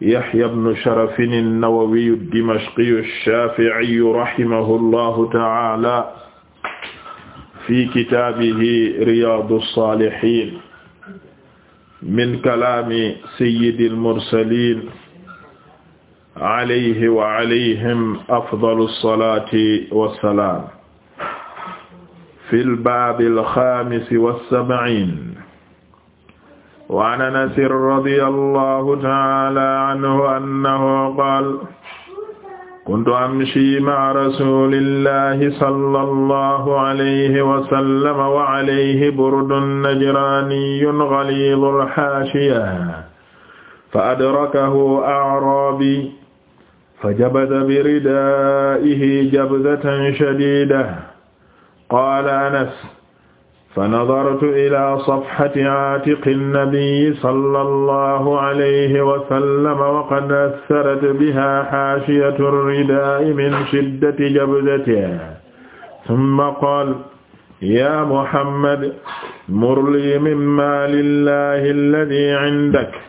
Yahya ibn Sharaf an-Nawawi ad-Dimashqi ash-Shafi'i rahimahullahu ta'ala fi kitaabihi Riyaadu s-Saalihiin min kalaami sayyidil mursaliin alayhi wa alayhim afdalu s-salaati wa s-salaam fil baabil xaamis wa s-sab'iin waan anas radiyallahu ta'ala anhu annahu qaala kuntu amshi ma'a rasulillahi sallallahu alayhi wa sallam wa alayhi burdun najraniyyun ghaliidul haashiya fa adrakahu a'raabi fajabada biridaa'ihi jabdatan shadiidatan qaala anas fa nadartu ila safhati aatiqi nnabiyi sallallahu alayhi wa sallam wa qad assarat biha haashiyatu ridaa'i min shiddati jabdatihi thumma qaala yaa Muhammad mur lii min maali llaahi alladhii 'indaka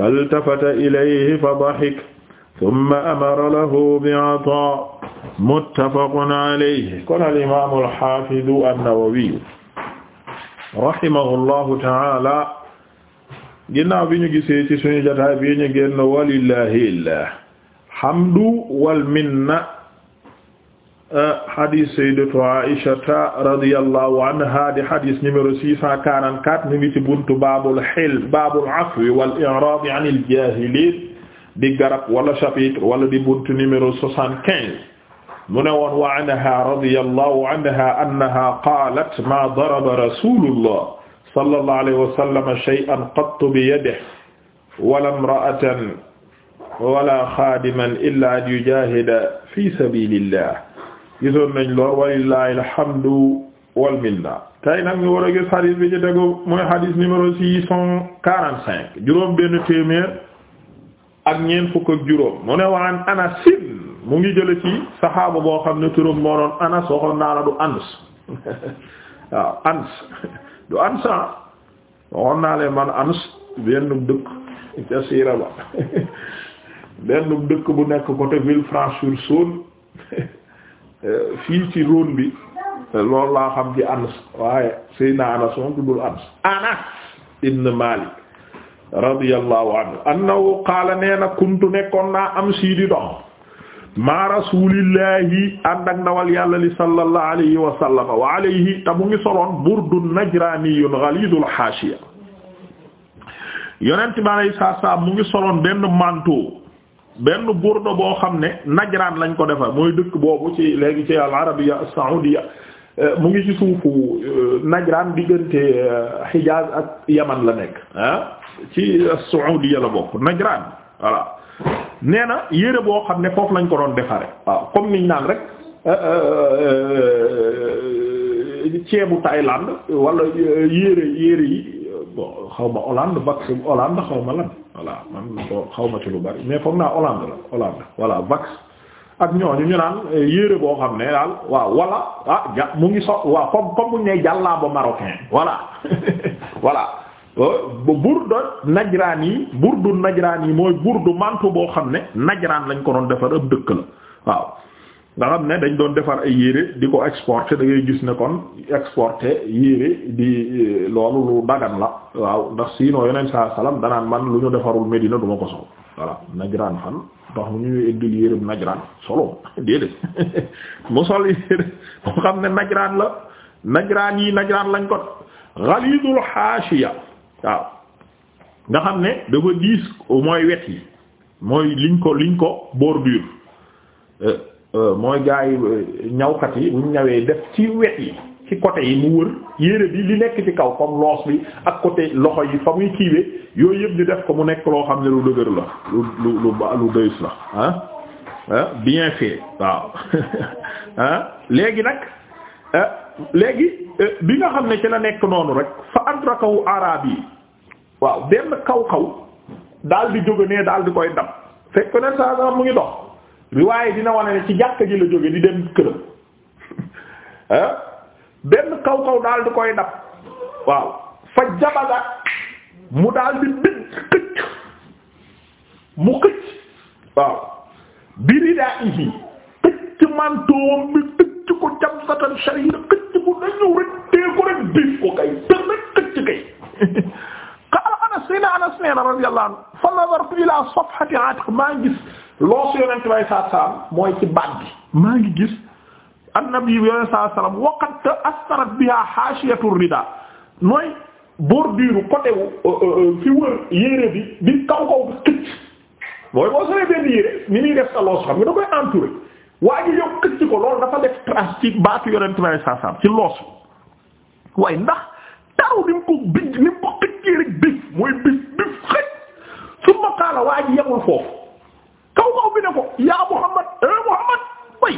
faltafata ilayhi fadahika thumma amara lahu bi'ataa'in muttafaqun alayhi qaala al-imaamu al-haafidu an-Nawawi rahimahullahu taala ginnaaw bi ñu gisee ci suñu jotaay bi ñu génn walillahi alhamdu wal minna hadis sayyidatu Aisha radiyallahu anha di hadis numéro 644 ñu ngi ci buntu baabul hilm baabul afwi wal i'raad anil jaahiliin di garab wala chapitre wala di buntu numéro 75 mu ne woon wa anha radiyallahu anha annaha qaalat ma daraba rasulullah sallallahu alayhi wa sallam shay'an qattu bi yadihi wala imra'atan wala xaadiman illaa an yujaahida fi sabilillah gisoon nañ lool walillahi alhamdu wal minna tey nag ñu war a gis xadis bi ci tegu mooy xadis numéro six cent quarante cinq juróom benn téeméer ak ñeent fukk ak juróom mu ne waan Anas mu ngi jële ci saxaaba boo xam ne turam moo doon anas waxoon naa la du ans waaw ans du ansa ah. waxoon naa leen man ans benn dëkk ca siira ba benn dëkk bu nekk côté Villefranche-sur-Saône euh, fii ci Rhône bi loolu laa xam ci ans waaye Seydina anas moom tuddul ans anas ibn Malik radiyallahu anhu annahu qaala nee kuntu nekkoon naa am sii di dox ma rasulillahi ànd ak ndawal yàlla li sallallahu alayhi wa sallam wa alayhi ta mu ngi soloon burdun najraniyun ghalidul haashiya yonent bi alayhi salaam mu ngi soloon benn manteau benn burdo boo xam ne najraan lañ ko defar mooy dëkk boobu ci léegi ci al arabiya saudiya mu ngi ci suufu euh, najraan diggante euh, Hijaaz ak Yaman la nekk ah, ci saudiya la bokk najraan voilà nee na yére boo xam ne foofu lañ ko doon defare waaw comme niñ naan rek euh, euh, euh, ceebu Thaïlande wala yére yére yi bon xaw ma Hollande vax Hollande xaw ma lan voilà man ko xaw ma ci lu bari mais foog naa Hollande la Hollande voilà vax ak ñooñu ñu naan yére boo xam ne daal waaw wala ah ja mu ngi so waaw comme comme buñ ne jàllaa marocain voilà voilà Euh, burda najraan yi burdu najraan yi mooy du mantu boo xam ne najraan lañ ko doon defar ab dëkk la waaw xam ne dañ doon defar ay yére di ko exporter da ngay gis ne kon exporter yére di euh, loolu lu la waaw ndax sinon yeneen saa salaam man lu ñu defarul Medina du ma ko sol najraan yére bu najraan solo déedéet xam ne najraan la najraan yi najraan lañ ko xaliidul xaasiya waaw nga xam ne dafa diis mooy wet yi mooy liñ ko liñ ko bordure euh, euh, mooy gaa yi euh, ñawkat yi buñ ñawee def ci wet yi ci côté yi mu wër yére bi li nekk ci kaw comme loos bi ak côté loxo yi fa muy kiiwee yooyu yëpp di def ko mu nekk loo xam ne lu dëgër la lu lu lu lu dëys la ah ah bien fait waaw ah léegi nag léegi bi nga xam ne ci la nekk noonu rek fa adrakahu araab yi waaw benn kaw kaw dal di jóge ne daal di koy dab fekk ne saa mu ngi dox riwaaye dina wane ne ci jàkka ji la jóge di dem këram ah benn kaw kaw daal di koy dab waaw fa jabaga mu daal di bit mu xëcc waaw biri daa ihi xëcc mantoom bi xëcc ko jamsatan sharira xëcc ko dañu rek tee ko rek biif ko kay tër rek xëcc kay anas sayna anas nee na radiyallahu anhu fa safhati atiq maa ngi gis loosu yonent bay saa salaam mooy ci baat bi maa ngi gis annabi bi yonent saa salaam wa qad astarat biha haashiyatu rida mooy bordure ko wu euh, euh, euh, fi bi bi kaw bi xëcc mooy boo solee benn yére ni muy def sa loos xam nga da koy entouré waa ji yow xëcc ko loolu dafa def trace ci baatu yonent bay saa salaam ci loos waaye ndax taru ni ko bij ni mooy bis bis xëj summa qaala waa ji foofu kaw kaw bi ne ko yaa Muhammad eh Muhammad way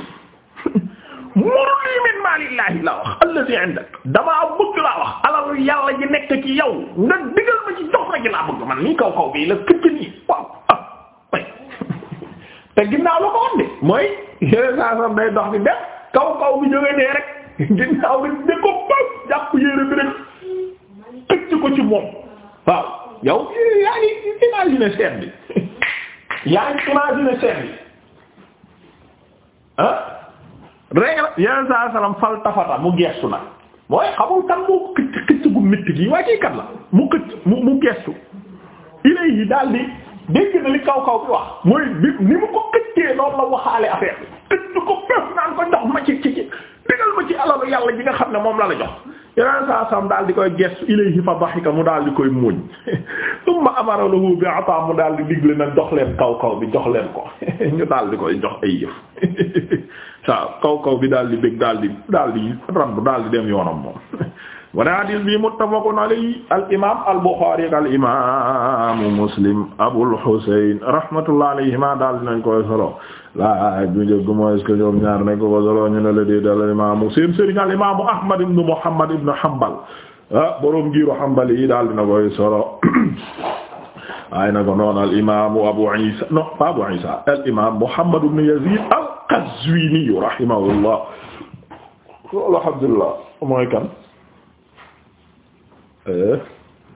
murni min maalillahi laa wax allazi indak damaa laa wax alalu yàlla ji nekk ci yow nga digal ma ci jox rek laa bëgg man nii kaw kaw bi la këcc nii waaw ah, te ginnaaw la ko wax de mooy yeneen saa sax day dox di def kaw kaw bi jógee dee rek ginnaaw bi ko ba jàpp yére bi rek këcc ko ci moom. waaw yow yaa in imaginer seen bi yaa ngi a seen bi ah regal yeneen saa salaam fal tafata mu geestu nag mooy xamul kan moo xëcc xëcc gu gi waa kii kat la mu xëcc mu mu geestu ilay yi daal di dégg na li kaw kaw bi wax mooy bi ni mu ko xëccee loolu la waxaale affaire bi xëcc ko pef naan ko ma ci ci ci tegal ma ci alalu nga xam ne moom la la jox yeneen saa sam daal di koy gestu ilayhi fa ka mu daal di koy muuñ thumma amara lahu bi ata mu daal di digle na jox leen kaw kaw bi jox leen ko ñu daal di koy jox ay yëf waaw kaw kaw bi daal di bég daal di daal di daal di dem yoonam moom wane hadis bi muttafaqun alayhi al imam al Bukhari Muslim Abul Husayn rahmatullah alayhima daal dinañ koy solo laaj bu njëkk mooy est-ce nañ ko ko solo ñu Ahmad ibn Muhammad ibn Hanbal ah borom giiru Hanbal yi daal dina koy solo waaye nag noonu al Abu Isa non Muhammad ibn Yazid al-Qazwini rahimahullah Eh?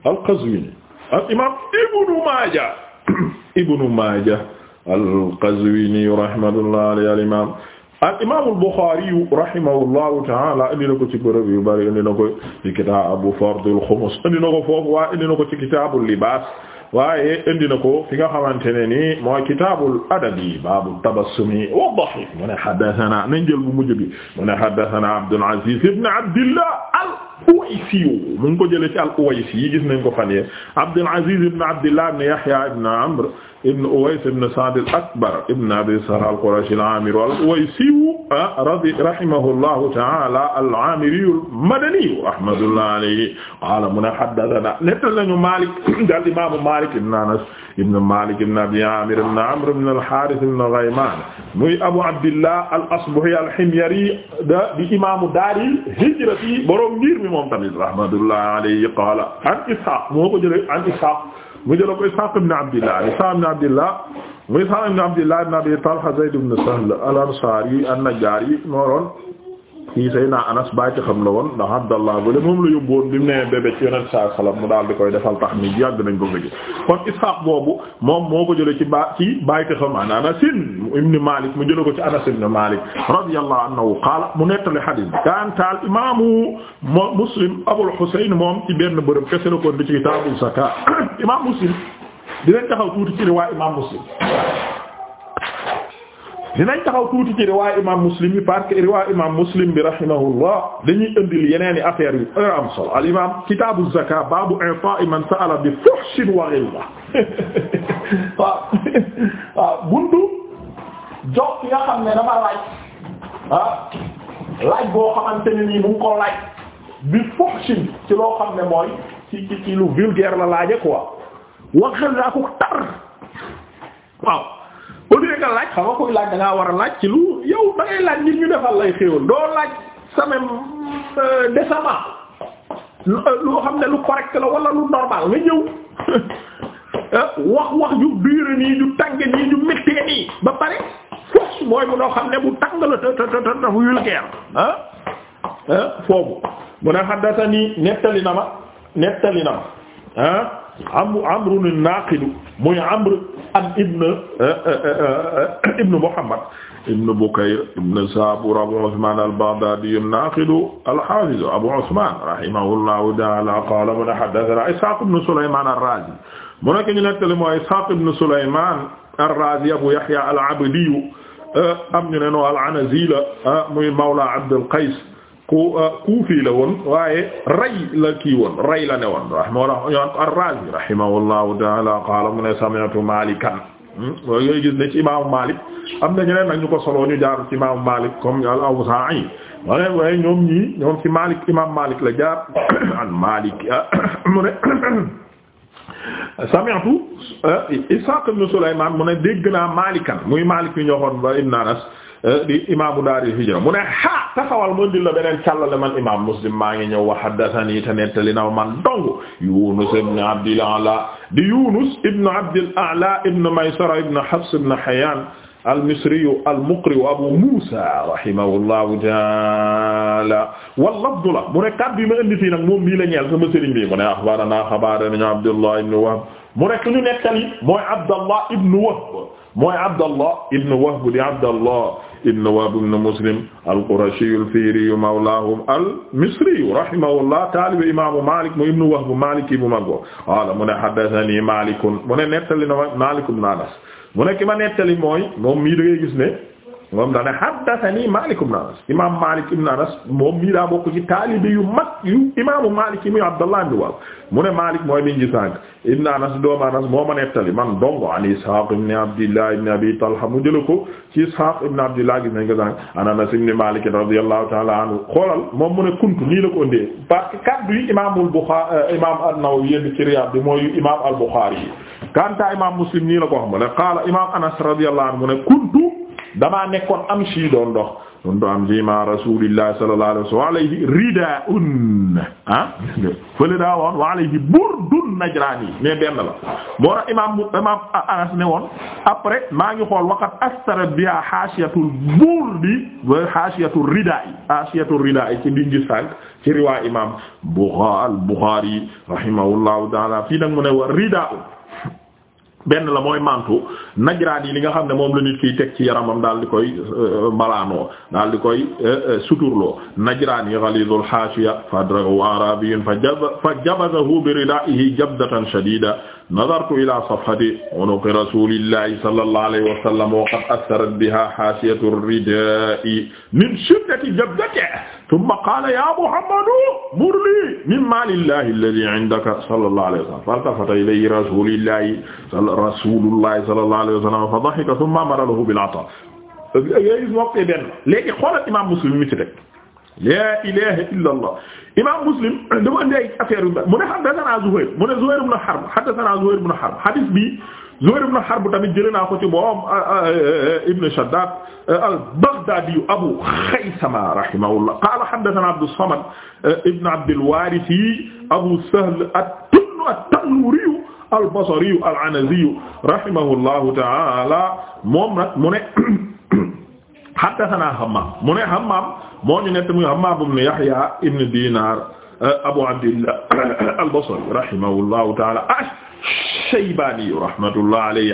al-Qazwini al imaam Ibnu Maaja Ibnu Maaja al-Qazwini rahmatullahi alayhi al imaam al imaamul Buxaari rahimahullahu ta'ala indi na ko ci bërëb yu bari indi na ko ci kitaabu Fardul Xumus indi na ko foofu waa indi na ko ci kitaabul libaas waaye indi na ko fi nga xamante ne ni mooy kitaabul adabi baabu tabassumi wa dahik mu ne haddathana nañ jël bu mujj bi mu ne haddathana Abdul Aziz ibn Abdillah al-Uwaysi mu ngi ko jëlee ci al-Uwaysi yi gis nañ ko fan yee Abdul Aziz ibn Abdillah ibn Yahya ibn Amr ibn Uways ibn Sa'd al-Akbar ibn Abi Sarh al-Qurashi al-Amir al-Uwaysi radi rahimahullahu taala al-Aamiriyu al-Madaniyu rahmatullahi alayhi qaala mu ne haddathana nettal nañu Maalik daal imaamu Maalik ibn Anas ibn Maalik ibn Abi Aamir ibn Amr ibn al-Haarith ibn Ghaymaan muy Abu Abdillah al-Asbahi al-Himyari da di imaamu daari hijrati borom ngir mi moom tamit rahmatullahi alayhi qaala an Ishaaq moo ko jëlee an Ishaaq mu jëlee ko Ishaaq ibn Abdillah Ishaaq ibn Abdillah muy Sahl ibn Abdillah ibn Abi a Zayd ibn Sahl al-Ansari an-Najjari moo doon kii Seydina Anas bàyyi ci xam la woon ndax Abdallah bële moom la yóbbu woon bi mu nee bébé ci saa salaam mu daal di koy defal tax ni yàgg nañ ko gëj kon Ishaq boobu moom moo ko jëlee ci ba ci bàyyi ci xam an Anas ibn Malik mu jëlee ko ci Anas ibn Malik radiyallahu anhu qaala mu nettali hadiis bi. Kantaal imaamu Muslim Abul Husayn moom ci benn bërëb kese la ko woon ci kitaabu zakat imaam Muslim. dinañ taxaw tuuti ci riwaay imam muslim dinañ taxaw tuuti ci riwaay imam muslim bi parce que imam muslim bi rahimahullah dañuy indil yeneen i affaires yu am solo al imam kitaabu zakaat baabu i'taa'i man sa'ala bi fuhshin wa ghilla waaw waaw buntu jox nga xam ne dafa laaj ah laaj boo xamante ne nii mu ngi bi fuhshin ci loo xam ne mooy ci ci ci lu la laaje quoi waxal naa ko tar waaw au nga laaj xam nga koy laaj da war a laaj ci lu yow da laaj ngir ñu defal lay xéewal doo laaj sa même euh, décemment euh, loo xam ne lu correct la wala lu normal nga ñëw euh, wax wax ju biir nii ju tàng nii ju méttee nii ba pare fos mooy bu xam ne bu tàng la te te te te vulgaire ah ah foofu mu ne xaddatani nettali na ma nettali na ma ah am amrun an-Naqid muy Amr am ibn eh, eh, eh, ibn Muhammad ibn Bukayr ibn Sabur Abu Usman al-Baghdadi an-Naqid al-Hafiz Abu Usman rahimahullahu ta'ala qala man haddathana Ishaq ibn Sulayman ar-Razi mu nekk ñu nettali mooy Ishaq ibn Sulayman ar-Razi Abu Yahya al-Abdi am ñu ne noo al-Anazi la muy mawla Abd al-Qays ku euh, kuufi la woon waaye ray la kii woon ray la ne woon ta'ala qaala mu ne sami'tu Maalikan loolu hmm, yooyu gis ne ci imaamu Maalik am na ñeneen ko solo ñu jaar ci imaamu Maalik comme al-Awzaa'i ma ne waaye ñoom ñii ñoom ci la jaar an Maalik mu ne euh, ibn Sulaymaan mu ne dégg naa Maalikan muy Maalik yu ñoxoon ba Euh, di imaamu daaril hijra mu ne ha taxawal mu indil la beneen càllale man maa ngi ñëw wa haddathani te nettali na man dong yunus ibn abdil ala di yunus ibn abdil ala ibn maysara ibn hafs ibn hayyan almisriyu almuqri wa abu musa rahimahullahu taala wallabdu mu ne kàddu yi ma indi fii nag moom mii la ñeel sama sëriñ bi mu ne axbarana xabarana abdullah ibn wahb mu nekk ibn Wahb ibn Muslim al-Qurashi al-Fihri mawlahum al-Misri rahimahullah taalibe imaamu Malik mu ibn Wahb Maliki bu mag bo wala mu ne haddathani Malik mu ne nettali na Malik ibn Anas mu ne ki ma nettali mooy moom mii da ngay gis ne moom daal ne haddathani Malik ibn Anas imaam Malik ibn Anas moom mii daa bokk ci taalibe yu mag yu imaamu Malik yi muy Abdallah ibn Wahb mu ne Malik mooy biñ ci sànq ibn Anas doomu Anas moo ma nettali man dong an Ishaq ibn Abdillah ibn Abi Talha mu jël ko ci Ishaq ibn Abdillah gis nañ ko sànq an Anas ibn Malik radiyallahu ta'ala anhu xoolal moom mu ne kuntu nii la ko ëndee parce que kaddu yi imaamul Bukhari euh, imaam an-Nawawi yéen ci Riyad bi mooy imaam al-Bukhari yi. Kanta imaam Muslim nii la ko wax mu ne qaala imaam Anas radiyallahu anhu mu ne kuntu damaa nekkoon am si doon dox kuntu amshi ma rasulillahi sallallahu alayhi wa alayhi ridaa'un ah fële daa woon wa alayhi burdun najraani mais benn la moo tax imaam imaam Anas ne woon après maa ngi xool waqat astara biha haashiyatul burdi wa haashiyatul ridaa'i haashiyatul ridaa'i ci biir gis sànq ci riwaa imaam Buxaari rahimahullahu ta'ala fii nag mu ne wa ridaa'un benn la mooy mantu najraan yi li nga xam ne moom la nit kiy teg ci yaramam daal di koy euh, malaanoo daal di koy euh, euh, suturloo najraan yi ghalidul haashiya fadrahu arabiyun fa fa jabazahu bi ridaa'ihi jabdatan shadida nadartu ila safhati unuqi rasulillahi sallallahu alayhi wa sallam wa qad assarat biha haashiyatu ridaa'i min shiddati jabdatihi tumma qaala ya Muhammadu murni min maalillahi alladhi indaka sallallahu alayhi wa sallam faltafata ilayhi rasulillahi rasulullahi sallallahu alayhi wa sallam fa dahika thumma amara lahu bil ata yooyu moom tey benn léegi xoolal imaam Muslim mi ci teg laa ilaaha illallah imaam Muslim dafa indi ay affaire yu mu ne haddathana Zuhayr mu ne Zuhayr ibn Harb haddathana Zuhayr ibn Harb hadith bi Zuhayr ibn Harb tamit jëlee naa ko ci moom Ibn Shaddad al-Baghdadi Abu Khaysama rahimahullah qala haddathana Abdus Samad ibn Abdil Warith Abu Sahl at-Tanuri al-Basri al-Anazi rahimahullahu ta'ala moom nag mu ne haddathana Hammam mu ne Hammam moo ñu nekk muy Hammam ibn Yahya ibn Dinar Euh, Abu Abdillah al-Basri rahimahullahu ta'ala ash-Shaybani rahmatullahi alayhi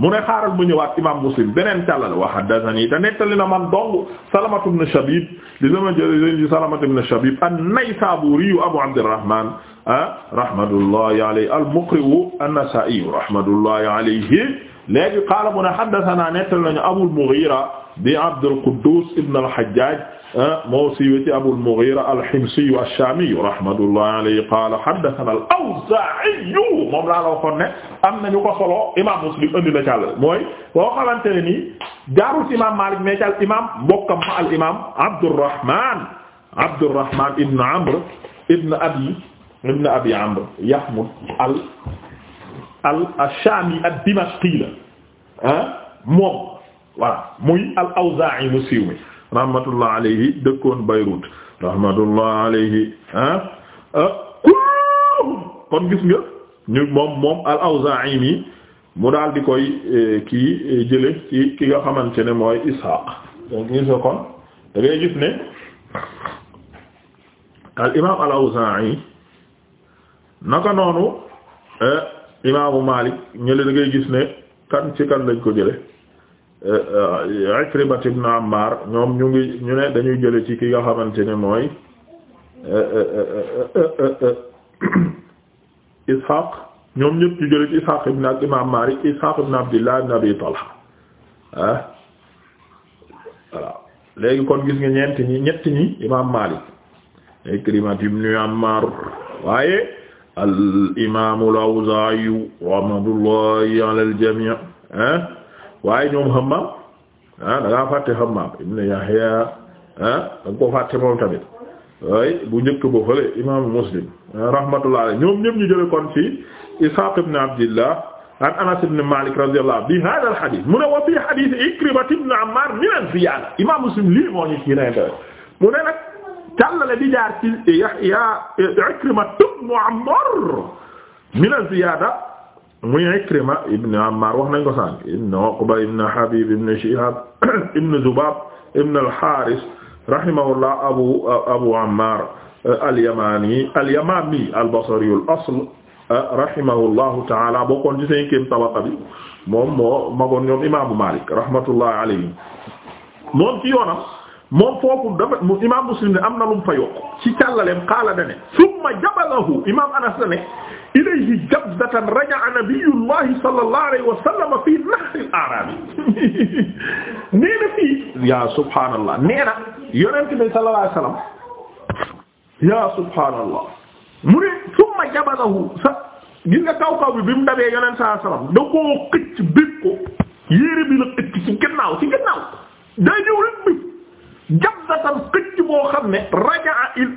mu ne xaaral mu ñëwaat imaam Muslim beneen tallal wa haddathani te nettali na man dong Salamatu ibn Shabib di sama jël Salamatu ibn Shabib an-Naysaburi Abu Abdurrahman ah rahmatullahi alayhi al-Muqri an-Nasa'i rahmatullahi alayhi léegi qaala mu ne haddathana nettali nañu Abul Mughira bi Abdul Quddus ibn al-Hajjaj Ah, moo siiwee ci Abul Mughira al-Himsi ash-Shami rahmatullahi alayhi qaala haddathana al-Awza'i moom laa la waxoon ne am nañu ko solo imaam Muslim indi na ci àll mooy boo xamante ne nii jaarul ci imaam Maalik mais ci al imaam mbokkam ma al imaam Abdurrahman Abdurrahman ibn Amr ibn Abi ibn Abi Amr Yahmud al al ash-Shami ad-Dimashqi la ah moom voilà muy al-Awza'i mu siiw mi rahmatullah alayhi dëkkoon Beyrouth rahmatullah alayhi ah kon gis nga ñu moom moom al-Awzaa'i mi mu daal di koy eh, kii eh, jële ci ki nga xamante ne mooy Ishaq donc gis nga kon da ne al imaam al-Awzaa'i naka noonu eh, imaamu Maalik ñële da ngay gis ne kan ci kan lañ ko jële Eh, eh, Ikrimat ibn Ammar ñoom ñu ngi ñu ne dañuy jële ci ki nga xamante ne mooy Ishaq ñoom ñëpp ñu jële ci Ishaq ibn ak imam Malik Ishaq ibn Abdillah ibn Abi Talha ah, léegi kon gis nga ñeent ñi ñett ñi imam Malik Ikrimat ibn Ammar waaye al imam al rahmatullahi ala al-jami' ah, waaye ñoom Hammam ah da ngaa fàtte Hammam ibn Yahya ah da nga ko fàtte moom tamit waaye bu njëkk ba fële imaamu Muslim ah, rahmatullah alayhi ñoom ñëpp ñu jële kon ci Ishaq ibn Abdillah an Anas ibn Malik radiyallahu bi hada hadith mu ne wa fi hadith Ikrimah ibn Ammar min al ziyada imam Muslim lii moo ñu ci nente mu ne nag càllale di jaar ci Yahya Ikrimah ibn Ammar min al ziyada muy Ikrima ibn Ammar wax nañ ko sànq ibn Uqba ibn Habib ibn Shihab ibn Zubab ibn al-Harith rahimahullah abu abu Ammar al-Yamani al-Yamami al-Basri al-asl rahimahullahu ta'ala bokkoon ci cinquième tabaqa bi moom moo magoon ñoom imaamu Malik rahmatullahi alayhi moom ci yoonam moom foofu dafa imaam Muslim ne am na lu mu fa yokk ci càllaleem qaala dane summa jabalahu imaam Anas ne ilayhi jabdatan raja'a nabiyullahi sallallahu alayhi wa sallam fi nahr al-a'rab nee na fii ya subhaanallah nee na yonent bi sallallahu alayhi wa sallam ya subhaanallah mu ne summa jabadahu sa gis nga kaw kaw bi bi mu dabee yonent sallallahu alayhi wa sallam da koo xëcc bég ko yére bi la xëcc ci gannaaw ci gannaaw day ñëw rek bi jabdatan xëcc boo xam ne raja'a il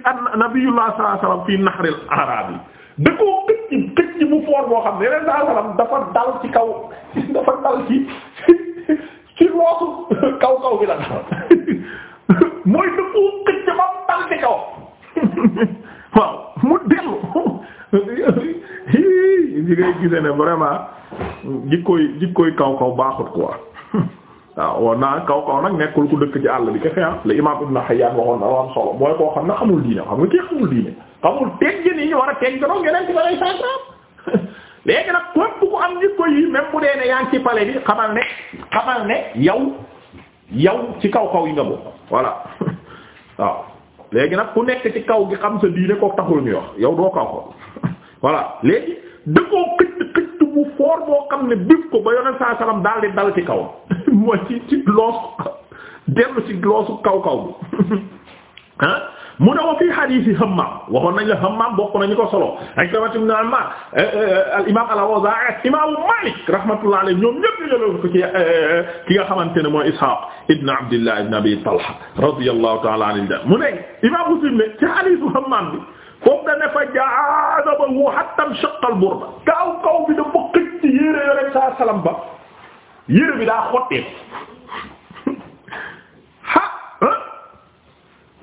nabiyullah sallallahu alayhi wa sallam fi nahr al-a'rab da koo këcc bu foor boo xam ne yeneen saa dafa dal ci kaw dafa dal ci ci loosu kaw kaw bi la dal mooy da koo ba mu ci kaw waaw mu dellu li ngay gise ne vraiment jikkooy jikkooy kaw kaw baaxut quoi waaw naa kaw kaw nag nekkul ku dëkk ci àll bi kese ah le imam Ibn Hayyan waxoon na mooy koo xam ne xamul diine xam nga kii xamul diine xamul teggin yi ñu war a tegginoo yeneen ci ba lay sànqal léegi nag képp ku am jikko yi même bu dee ne yaa ngi ci pale bi xamal ne xamal ne yow yow ci kaw kaw yi nga bokk voilà waaw léegi nag ku nekk ci kaw gi xam sa diine ko taxul ñu wax yow doo kaw ko voilà léegi da koo këcc bu foor boo xam ne bif ko ba yoneen saa salaam daal di dal ci kaw mooy ci ci loosu dellu ci loosu kaw kaw bi ah. mu ne wa fii hadiisi Hammaam waxoon nañ la Hammaam bokk nañu ko solo Ikrima ibn Ammaar eh, eh, al imaam al-Awzaa'i ak imaamu Maalik rahmatullahi alayhi ñoom ñëpp ñu jëloon ko ci eh, ki nga xamante ne mooy Ishaaq ibn Abdillah ibn Abi Talha radiyallahu ta'ala anhu mu ne imaam Muslim ne ci hadiisu Hammaam bi foofu da ne fa ja'azabahu hatta shaqqa al-burda kaw kaw bi da bokk ci yére yore saa salam ba yére bi daa xottee ha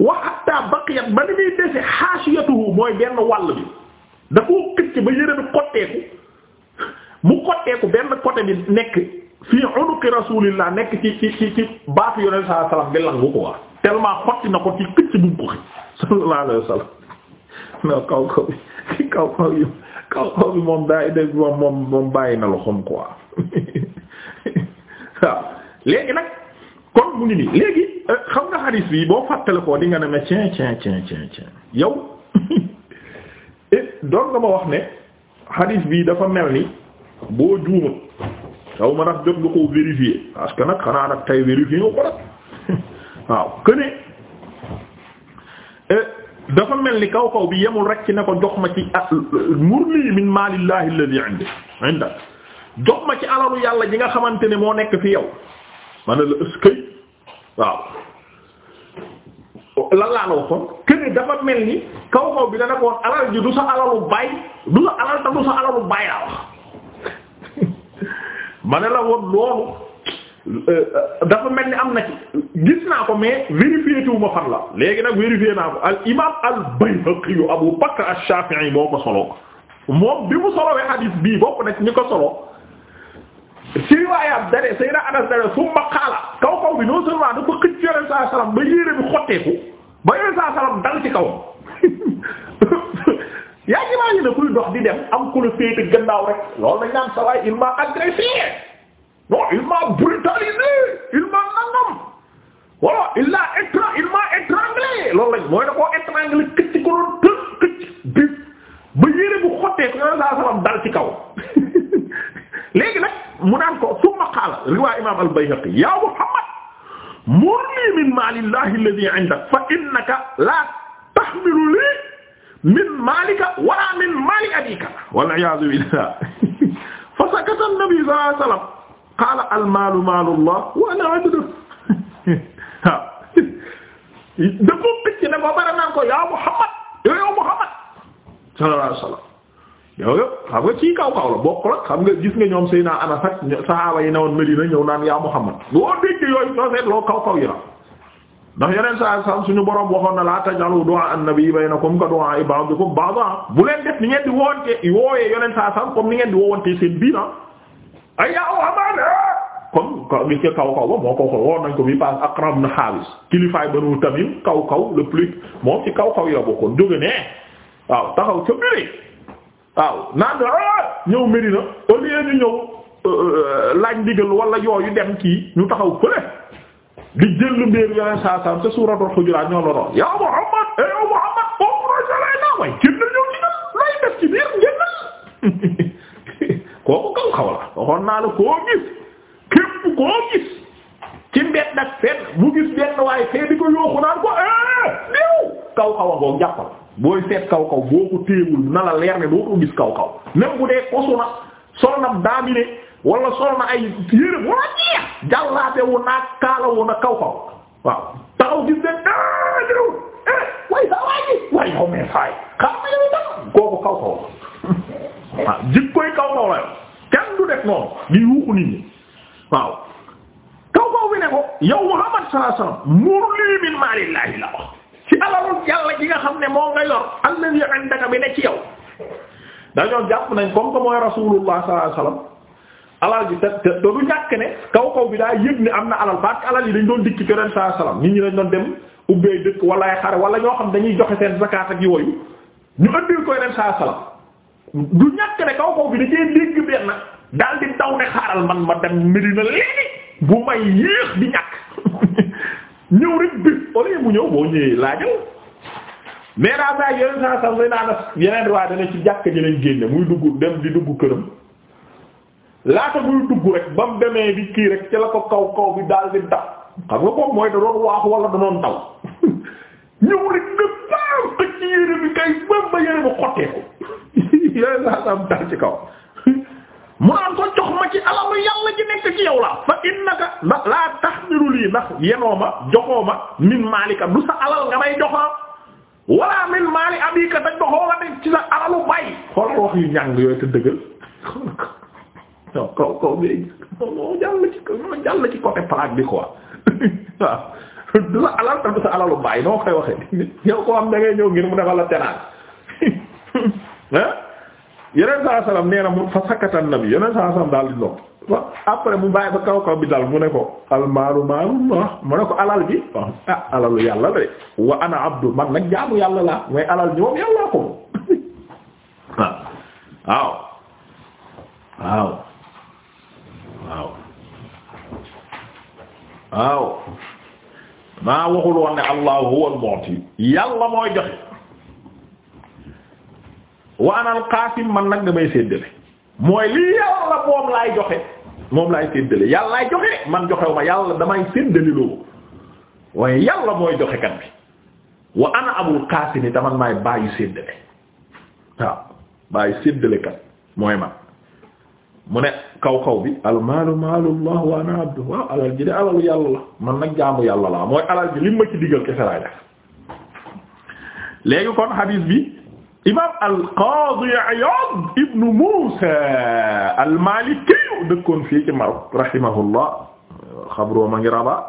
wa hatta baqiyat ba ni muy dese haashiyatuhu mooy benn wàll bi da koo ba yére bi xotteeku mu xotteeku benn côté bi nekk fii unuqi rasulillah nekk ci ci ci ci baatu yonent sallallahu alayhi wasallam bi langu ko waa tellement xotti na ko ci xëcc bu mu ko xëcc sallallahu alayhi wasallam kaw kaw kaw kaw kaw kaw bi moom daa moom moom moom bàyyi na loxoom quoi waaw léegi nag. kon mu ngi nii léegi euh, xam nga xadis bi boo fàttale ko di nga ne ma tiens tiens tiens tiens tiens yow doon nga ma wax ne xadis bi dafa mel ni boo juumut xaw ma ndax jot nga koo vérifier parce que nag xanaa nag tey vérifier nga ko nag waaw que euh, dafa mel ni kaw kaw bi yemul rek ci ne ko jox ma ci ah murni min malillahi alladhi jox ma ci alalu yàlla ji nga xamante ne moo nekk fi yow ma ne la ëskay waaw lan laa la waxoon kenn dafa mel ni kaw kaw bi dana ko woon alal du sa alalu baay du sa alal te du sa alalu baay laa wax ma ne la woon loolu euh, dafa mel ni am na ci gis naa ko mais vérifié tuuma fan la léegi nag vérifié naa ko al imaam al Bayhaqi yu Abu Bakr al-Shafi'i moo ko solo moom bi mu solowee hadith bii bokk na ci ñi ko solo si riwaayam dane Seydina Anas dane summa xaala kaw kaw bi non seulement da ci kaw yaa maa ngi ne kuy dox di dem am sa waay il m'a agressé non il m'a brutalisé il m'a nangam voilà il l'a étra ko doon të këcc dal ci kaw léegi nag mu naan ko summa qaala riwaa imaam al-Bayhaqi yaa Muhammad mur lii min maalillahi alladhi 'indak fa innaka laa tahmilu lii min maalika wala min maali abika wal 'iyaadhu billah fa sakata an-nabi sallallahu alayhi wa sallam qaala al-maalu maalu llah wa ana 'abduhu da ko picc na ko bara naan ko yaa Muhammad yaa Muhammad sallallahu alayhi wa sallam yow yow xam nga ci kaw kaw la bokk la xam nga gis nga ñoom sëy naa anas ak saxaaba yi newoon Medina ñëw naan yaa Muhammad boo dégg yooyu soo seet loo kaw kaw yi la yeneen saa sam suñu borom waxoon na laa taj'alu du'a an-nabi baynakum ka du'a ba'dikum ba'da bu leen def ni ngeen di woowante woowee yeneen saa sam comme ni ngeen di woowante seen biir ah. ay yaa Muhammad ah. comme gis nga kaw kaw ba moo ko xool woon nañ ko bi pass Aqram na Haabis kilifaay Banu Tamim kaw kaw le plus moom ci kaw kaw yi la bokkoon jóge ne waaw taxaw ca biir waaw naan ah, ñëw Medina au lieu ñu ñëw euh, euh, laaj ndigal wala yooyu dem kii ñu taxaw fële di jël lu mbir yeneen saa te suuratul Hujuraat ñoo la doon yow Muhammad eh, yow Muhammad boobu mooy lay naa waaye génn ñëw ci ñun looy def ci biir génn kooku kaw xaw la waxoon naa la koo gis képp koo gis ci mbedd ak fenn mu gis benn waaye fee di ko yooxu naan ko eh néew kaw xaw ngoog jàppal. booy seet kaw kaw boo ko téewul na la leer ne doo ko gis kaw kaw même bu dee kosu na sol na daamine wala sol na ay yére wala jeex jàllaate wu naag kaala wu na kaw kaw waaw taxaw gis ne daa jëlawul eh waaye saa waay ji waaye yow mais saa kooku kaw kaw waaw jikkoy kaw kaw la yow kenn du def noonu di yuuxu nit ñi waaw kaw kaw bi ne ko yow Muhammad sallallahu alayhi wasallam murli min maalillahi la wax yàlla gi nga xam ne moo nga yor allazi indaka bi ne ci yow dañoo jàpp nañ comme que mooy rasulullah sallallahu alayhi wasallam alal ji te te du ñàkk ne kaw kaw bi daa yëg am na alal parce yi dañ doon dikk ci ren saa salaam nit doon dem ubbee dëkk wala ay wala ñoo xam dañuy joxe seen zakat ak yooyu ñu ëndil koy ren saa salaam du ñàkk ne kaw kaw bi da cee dégg benn daal di daw ne xaaral man ma dem Medina léegi bu may yéex di ñàkk ñëw rek bés au mu ñëw boo ñëwee laajal. mais daa saa yeneen saa sax say yeneen ci jàkk ji génne muy dugg dem di dugg këram laata muy dugg rek ba mu demee di kii rek ci la ko kaw kaw bi daal di dab xam nga ko mooy da doon waaxu wala da doon daw ñëw rek nga ci yére bi kay bam ba yére bi xottee yeneen saa sax mu dal ci kaw mu naan ko jox ma ci alalu yàlla ji nekk ci yow la fa innaka ndax laa tax niru lii ndax yenoo ma joxoo ma min maalika du sa alal nga may joxoo wala min maali abika dañ ko xoola def ci sa alalu bay xoolal wax yu ñàng yooyu te dëggal kaw kaw bi moo jàll ci moo jàll ci côté plaque bi quoi waaw du sa alal te du sa alalu bàyyi noo koy waxee yow ko am da ñëw ngir mu defal la tenaan ah yeneen saa salaam nee na mu fa sakatan nabi yeneen saa salaam daal di nopp après mu bàyyi ba kaw kaw bi dal mu ne ko almaalu maalu ma mu ne ko alal bi ah, ah alalu yàlla la de wa ana abdu man nag jaamu yàlla laa mooy alal ñoom yàllaa ko moom ah, waaw waaw waaw maa waxul ne allahu huwa al-mu'ti mooy joxe wa ana al-qaasim man nag may seddale mooy lii yàlla moom laay joxe moom laay séddale yàlla laay joxe man joxew ma yàlla damay séddale loolu waaye yàlla mooy joxe kat bi wa ana abul qaasimi taman maay bàyyi séddale waaw bàyyi séddale kat mooy man mu ne kaw kaw bi al maalu maalullah wa ana abdu waaw alal ji de alalu yàlla la man nag jaamu yàlla laa mooy alal ji lim ma ci digal kese laay def léegi kon hadith bi imam al-Qaadi Iyaad ibnu Muusaa al-Maaliki dëkkoon fii ci Maroc rahimahullah xabru ma ngi Rabat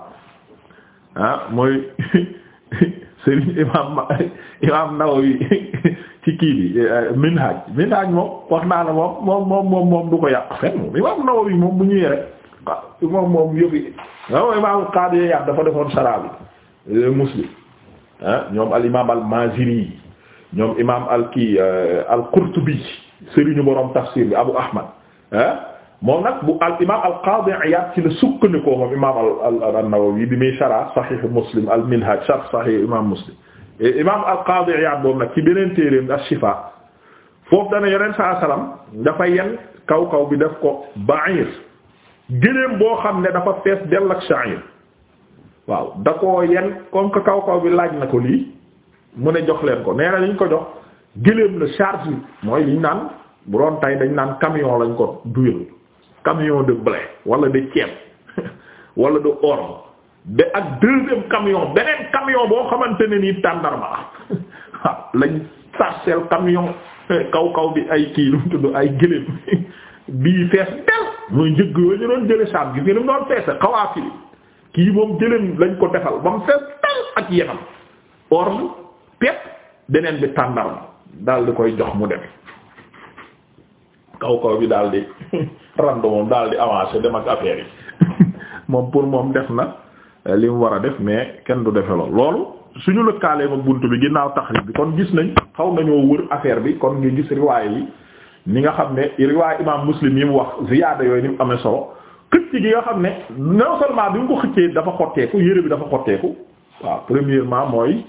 ah mooy Serigne imam imam Nawawi ci kii bi Minhaaj Minhaaj moom wax naa la moom moom moom moom moom du ko yàq fenn moom imam Nawawi moom bu ñëwee rek moom moom yóbbi waaw imam al-Qaadi Iyaad dafa defoon sarabi eh, Muslim ah ñoom al-imam al-Maaziri ñoom imaam al kii euh, al qurtubi sëriñu borom tafsir bi abu ahmad ah moom nag bu al imaam al qaadi iyaad ci la sukkandikoo moom imaam al al an-nawawi bi muy shara sahih muslim al minhaj sharh imaam muslim imaam al qaadi iyaad boobu nag ci beneen téereem ash-shifaa foofu dana yeneen saa salaam dafa yen kaw kaw bi def ko ba'ir gëléem boo xam ne dafa fees dell ak sha'ir waaw da koo yen comme que kaw kaw bi laaj na ko lii. mu ne jox leen ko nee na liñ ko jox gëléem la charge bi mooy liñ naan bu doon tay dañ naan camion lañ ko duyal camion de blé wala de ceeb wala de orme ba ak deuxième camion beneen camion boo xamante ne nii tàndarma waaw ah, lañ sarcel camion eh, kaw kaw bi ay kii lu mu tudd ay gëléem bii fees del mooy njëg yooyu ñu doon jële saab gi fi mu doon feesa xawaa fili kii moom gëléem lañ ko defal ba mu fees del ak yenam orme pepp beneen bi tàndarma daal di koy jox mu deme kaw kaw bi daal di rand moom daal di avancer dem ak affaire yi moom pour moom def na euh, li war a def mais kenn du defe loolu loolu suñu lëkkaalee ma bunt bi ginnaaw taxrib bi kon gis nañ xaw nañoo wër affaire bi kon nga gis riwaay yi ni nga xam ne riwaay imam muslim yi mu wax ziyaada yooyu ni mu amee solo xëcc gi nga xam ne non seulement bi mu ko xëccee dafa xotteeku yére bi dafa xotteeku waaw premièrement mooy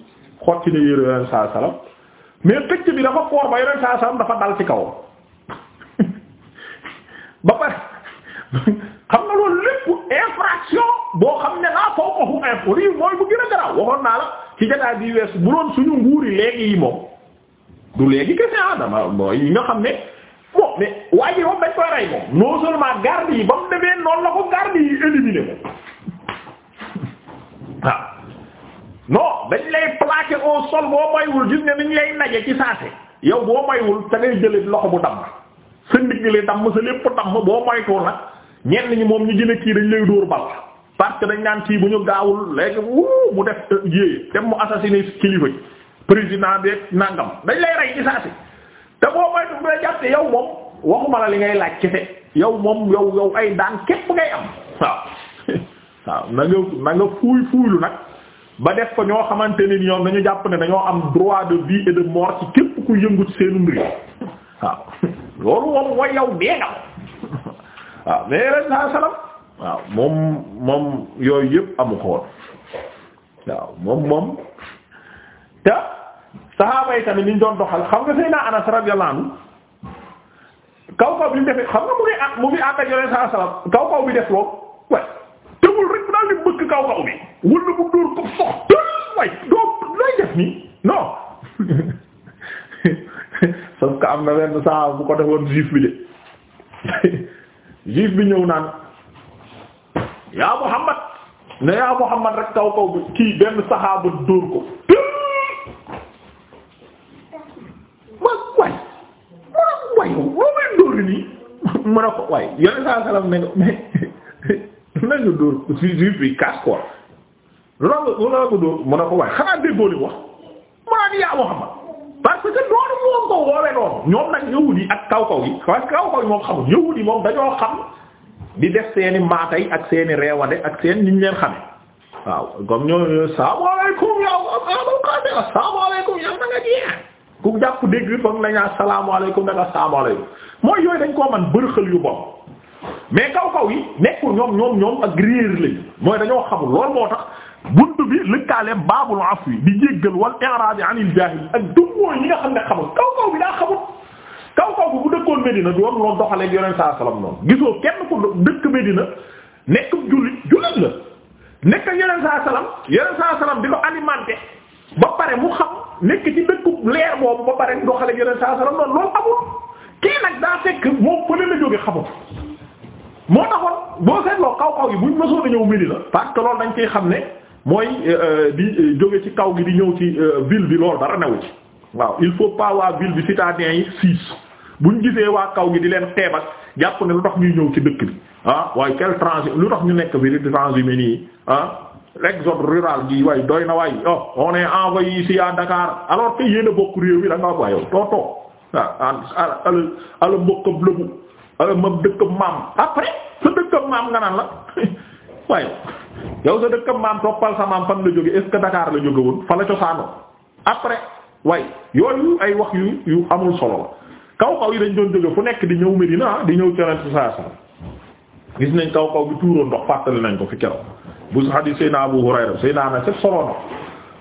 xotti na yére yoneen saa salaam mais pëcc bi dafa foor ba yoneen saa salaam dafa dal ci kawam ba pare xam nga loolu lépp infraction boo xam ne laa foo ko fu info lii mooy bu gën a garaaw waxoon naa la ci jotaay bi wees bu doon suñu nguuri léegi yi moom du léegi kese ah dama mooy yi nga xam ne bon mais waaye moom dañ koy rey moom non seulement garde yi ba mu demee noonu la ko garde yi éliminé moom dañ lay plaqué oo sol boo maywul gis nga niñ lay naje ci saase yow boo maywul te ngay jële loxo bu damm sa ndigg li damm sa lépp damm boo moytuwul nag ñenn ñi moom ñu gën kii dañ lay dóor bal parce que dañ naan kii bu ñu gaawul léegi wuu mu def yéeye euh, dem mu assassiné kilifa naa bi nangam dañ lay rey ci saasi te boo moytu bu la jàppee yow moom waxuma la li ngay laaj kese yow moom yow yow ay daan képp ngay am waaw waaw na nga na nga fuuy fuuylu ba def ko ñoo xamante ne ñoom dañu jàpp ne dañoo am droit de vie et de mort képp ku yëngu ci seenum réew waaw loolu moom moom yooyu yëpp amu ko waaw moom moom te saxaaba yi tamit ni ñu doon doxal xam nga Seydina Anas radiyallahu anhu kaw kaw bi ñu defee xam nga mu ngi mu ngi ànd ak kaw kaw bi def loolu. fëkk kaw kaw bi wala bu dóor ko sox tël way doo lay def nii non sauf que am na benn saa bu ko defoon juif bi de juif bi ñëw naan yaa Muhammad ne yaa Muhammad rek kaw kaw bi kii benn saxaaba dóor ko tël mag way mu ne dóor nii mu ne ko way yeneen saa salaam ne ko mais ñu dóor si juif bi kaskool lu naa ko lu naa ko dóor mun a ko waaye xanaa déggoo li wax mun a ni yaa Muhammad parce que noonu moom ko woowee noonu ñoom nag yahudi yi ak kaw kaw yi parce que kaw kaw yi moom xamul yahudi yi moom dañoo xam di def seeni maatay ak seeni reewande ak seen niñ leen xame waaw comme ñoo salaamu alaykum yaa Abul Qaasim salaamu alaykum yaa na nga jeex salaamu alaykum mooy yooyu dañ koo man bërxël yu bon mais kaw kaw yi nekkul ñoom ñoom ñoom ak réer lañu mooy dañoo xamul loolu moo tax bunt bi lëkkaaleem baabul afwi di jéggal wal i'raad anil ak dummóoy ñi nga xam ne xamul kaw kaw bi daa xamul kaw kaw bi bu dëkkoon Medina doon loon doxaleeg yoneen saa salaam noonu gisoo kenn ku dëkk Medina nekk jullit jullit nekk ak yoneen saa salaam di ko ba pare mu xam nekk ci dëkkub ba pare doxaleeg yoneen saa salaam noonu loolu amul kii nag daa fekk moom fële la jóge xamul. moo taxoon boo seetloo kaw kaw gi buñ mësoon ñëw Medina parce que loolu dañ koy xam ne mooy di jóge ci kaw gi di ñëw ci ville bi loolu dara newu ci waaw il faut pas waa ville bi citadins yi siis buñ gisee waa kaw gi di leen xeeb ak jàpp ne lu tax ñuy ñëw ci dëkk bi ah waaye quel transit lu tax ñu nekk fi di transhumé nii ah l'exode rural gi waaye doy na waay oh on est envoyé ici à Dakar alors que yéen a bokk réew mi da nga wax waa yow toog toog wala ma dëkkam maam après sa dëkkam maam nga naan la waaye yow sa dëkkam maam toppal sa maam fan la jóge est ce la jóge woon fa la cosaanoo après waaye yooyu ay wax yu yu amul solo la kaw kaw yi dañ doon jóge fu nekk di ñëw Medina di ñëw Thionette saa saa gis nañ kaw kaw bi tuuroon ndox fàttali nañ ko fi keroog bu hadith Seyna Abu Hurayra Seyna na set solo na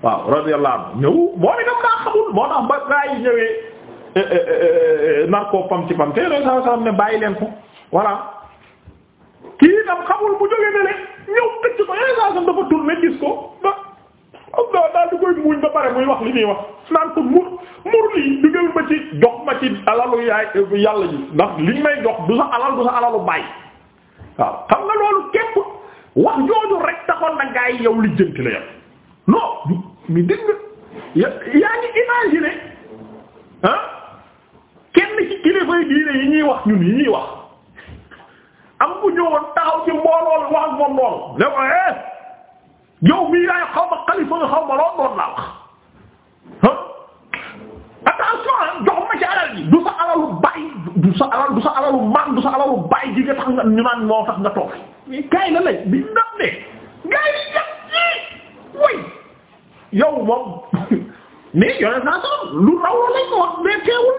waaw radiyallahu anhu ñëw moo ne dam daa xamul moo tax ba gaa ñëwee. Euh, euh, euh, nar koo pam ci pam te yoneen saa ne bàyyi leen ko voilà kii tam xamul bu jógee ne leen ñëw këcc ko yoneen saa saa dafa tourné gis ko ba am naa daal di koy muuñ ba pare muy wax li muy wax naan ko mur mur lii dugal ma ci jox ma ci alalu yaay yàlla ji ndax liñ may jox du sa alal du sa alalu bàyyi waaw xam nga loolu képp wax jooju rek taxoon na gaa yi lijjanti la yow non mi dégg nga yaa ngi imaginer ah kilifay diine yi ñuy wax ñun yi ñuy wax am ku ñëwoon taxaw ci mbooloo wax ak moom loolu ne ko eh yow mii yaay xaw ma xalifa nga xaw ma lool doon laa wax ah, jox ma ci du sa alalu bàyyi du sa alalu maam du sa alalu bàyyi ji nga tax nga ñu naan moo tax nga toog kay la lay bi ndam ne ngay yàq ci way yow moom mais yoneen naa sax lu raw ko wax mais teewul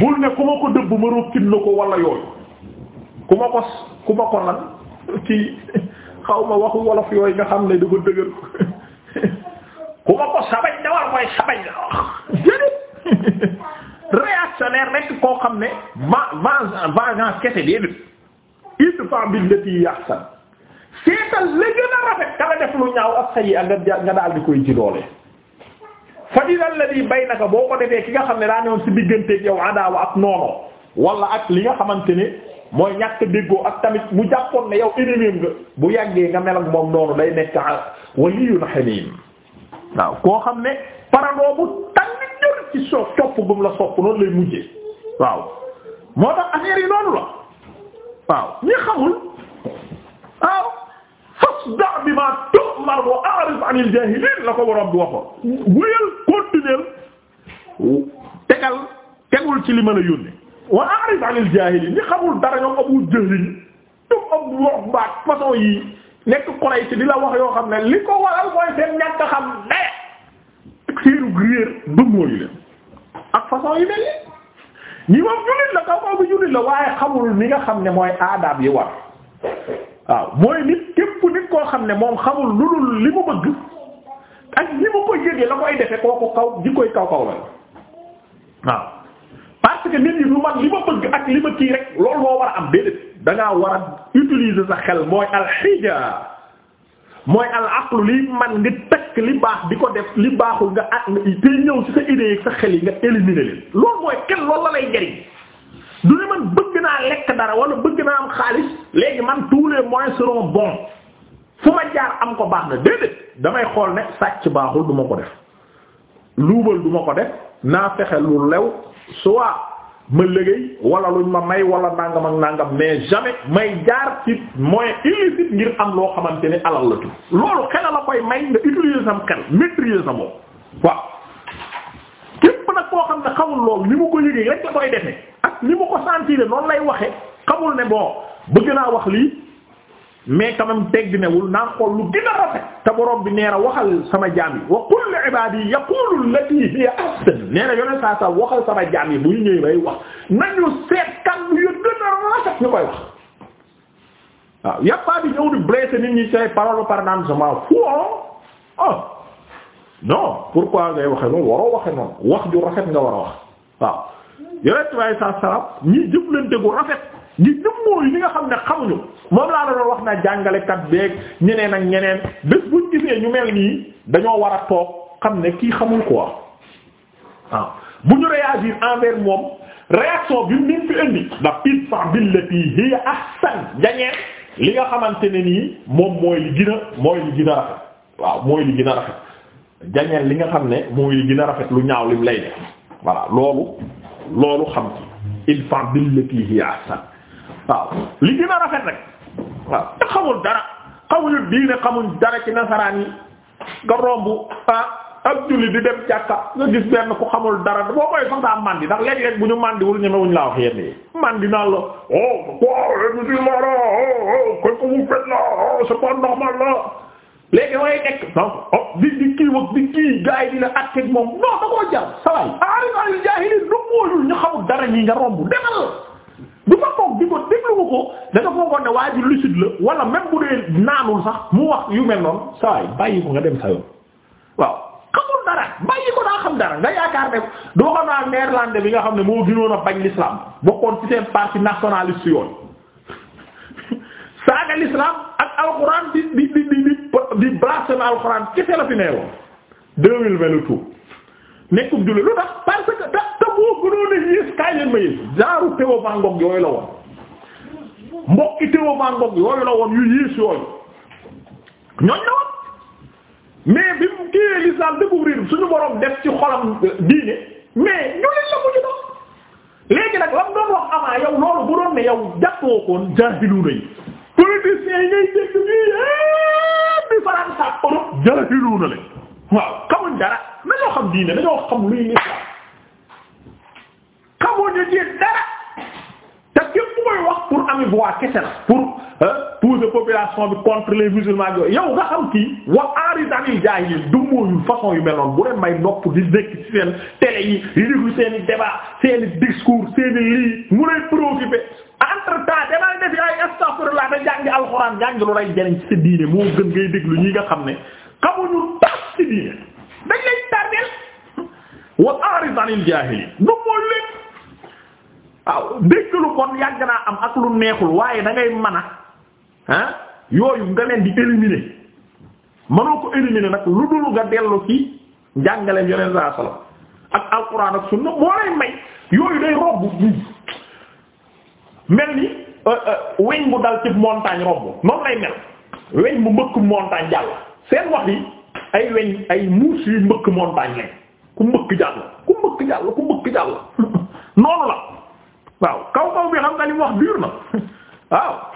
bul ne ku ma ko dëbb ma rokkin na ko wala yooyu ku ma ko ku ma ko lan ci xaw ma waxu wolof yooyu nga xam ne dafa dëgër ku ma ko sabañ da mooy sabañ la wax jërét réactionnaire koo xam ne va va vengeance kese déedéet idfa billati yahsan seetal la gën a rafet kala def lu ñaaw ak sa yi nga nga daal di koy ci doole fa ida alladi baynaka boo ko defee ki nga xam ne daa newoon ci digganteeg yow adaawa ak noonoo wala ak li nga xamante ni mooy ñàkk déggoo ak tamit mu jàppoon na yow ennemi nga bu yàggee nga mel ak moom noonu day nekk waliyun hamim waaw koo xam ne parandoo bu tàng jor ci so copp gum la sopp noonu lay mujjee waaw moo tax affaire noonu la waaw ñi xamul waaw fasda' bimaa tu'mar wa a'rid 'anil jaahiliin la ko waroon di waxoon. wéyal continuer tegal tegul ci li ma la yónnee. wa a'rid 'anil jaahiliin ñi xamul dara ñoom Abu Jahl ñoom am wax baat façon yi nekk Quraysh di la wax yoo xam ne li ko waral mooy seen ñàkk xam ne. seenu réer dëgmoo yi leen ak façon yi mel ni ñi moom jullit la kaw kaw bi jullit la waaye xamul ni nga xam ne mooy aadaab yi war. waaw mooy nit képp nit koo xam ne moom xamul lu dul li mu bëgg ak li mu ko yëgee la koy defe kooku kaw gi koy kaw kaw la waaw parce que nit ñi lu man li ma bëgg ak li ma kii rek loolu moo war a am déedéet dangaa war a utiliser sa xel mooy alxija mooy al aqlu liy man nga takk li baax di ko def li baaxul nga ak tey ñëw ci sa idée sa xel yi nga éliminer leen loolu mooy kenn loolu la lay jariñ du ne man bëgg naa lekk dara wala bëgg naa am xaalis léegi man tous les moyens seront bons fu ma jaar am ko baax na déedéet damay xool ne sàcc baaxul duma ko def luubal duma ko def naa fexe lu lew soit ma liggéey wala luñ ma may wala nangam ak nangam mais jamais may jaar ci moyen illicite ngir am loo xamante ni alal la tudd loolu xel la koy may nga utiliser sam xel maîtriser sa bopp waaw. képp nag koo xam ne xamul loolu ni mu ko yëgee rek la koy defee ak ni mu ko sentir noonu lay waxe xamul ne bon bëgg naa wax lii mais quand même tegg newul naa xool lu gën a rafet te borom bi nee na waxal sama jaam yi wa qul li ibadi yaqulu allati hiya ahsan nee na saa waxal sama jaam yi bu ñuy ñëw bay wax nañu seet kàddu yu gën a rafet ñu koy wax waaw yàppaa bi ñëw di blessé nit ñi say parole par naan sama fou non pourquoi ngay waxe noonu waroo waxe noonu wax ju rafet nga war a wax waaw yonent bi alayhi salaatu salaam ñi jëflante gu rafet ñi jëmmoo yi li nga xam ne xamuñu moom laa la doon wax naa jàngalekat beeg ñeneen ak ñeneen bés buñ gisee ñu mel nii dañoo war a toog xam ne kii xamul quoi waaw bu ñu réagir envers moom réaction bi mu fi indi ndax idfa billati hiya ahsan jañeen li nga xamante ne nii moom mooy li gën a mooy li gën a rafet waaw mooy li gën a rafet jañeel li nga xam ne moom yi gën a rafet lu ñaaw lim lay def voilà loolu loolu xam ci il fa billati hiya ahsan waaw li gën a rafet rek waaw te xamul dara xamul diine xamul dara ci nasaraan yi nga romb ah ab julli di dem jàkka nga gis benn ku xamul dara boo koy sax daa màndi ndax léeg-léeg bu ñu màndiwul ñemewuñ laa wax yenn yi màndi naa la oh ko mu fet la oh c'est pas normal la léegi damay nekk donc oh di di kii wax di kii gars yi dina àtteeg moom non da koo jar saway aarif al jaahilin lu mooyul ñu xamul dara ñi nga romb demal du ma toog di ko déglu ko da nga foogoon ne waa ji lucide la wala même bu dee naanul sax mu wax yu mel noonu saway bàyyi ko nga dem sa yoon waaw xamul dara bàyyi ko daa xam dara nga yaakaar ne doo xam naa néerlandais bi nga xam ne moo gënoon a bañ l'islam bokkoon ci seen parti nationaliste yooyu saaga l'islam di bracelet alxuraan kese la fi neewoon jullit lu tax parce que ta boo gënoon a yées kaay leen ma jaaru Théo Van yooyu la woon mbokki Théo Van yooyu la woon yu yées yooyu ñooñ la woon mais bi mu kiiwee l'islam découvrir suñu borom def ci xolam euh, diine mais ñu la ko ci dox léegi nag lam doon wax amaa yow loolu bu doon ne yow jàppoo koon jaahilu na yi politiciens yi ngay dégg nii eh, bi France ak Europe jaahiluuna lañ waaw xamuñ dara nañoo xam diine dañoo xam luy lislaam xamuñu ci dara te képp koy wax pour ami voix kese la pour euh, pousser population bi contre les musulmans yooyu yow nga xam kii wa aridanil jaahiliin du mooyul façon yu mel noonu bu leen may nopp di nekk ci seen télé yi di déglu seen i débat seen discours seen lii mu lay préoccupé entre temps demal def ay astaghfirullah da jàngi alxuraan jàngi lu lay jariñ ci sa diine moo gën ngay déglu ñi nga xam ne xamuñu tax ci diine dañ lay tardeel wa a'rid 'anil jaahiliin moo lépp waaw kon yàgg naa am ak lu neexul waaye da ngay mën ah, yooyu nga leen di éliminer mënoo ko éliminer nag lu dul nga dellu ci njàngaleem yeneen saa solo ak alxuraan ak sunna moo lay may yooyu day robb mel ni euh, euh, weñ bu dal ci montagne romb noonu lay mel weñ bu mbëkk montagne jàll seen wax yi ay weñ ay muus yu mbëkk montagne lañ ku mbëkk jàll ku mbëkk jàll ku mbëkk jàll noonu la waaw kaw kaw bi xam nga wax dur na waaw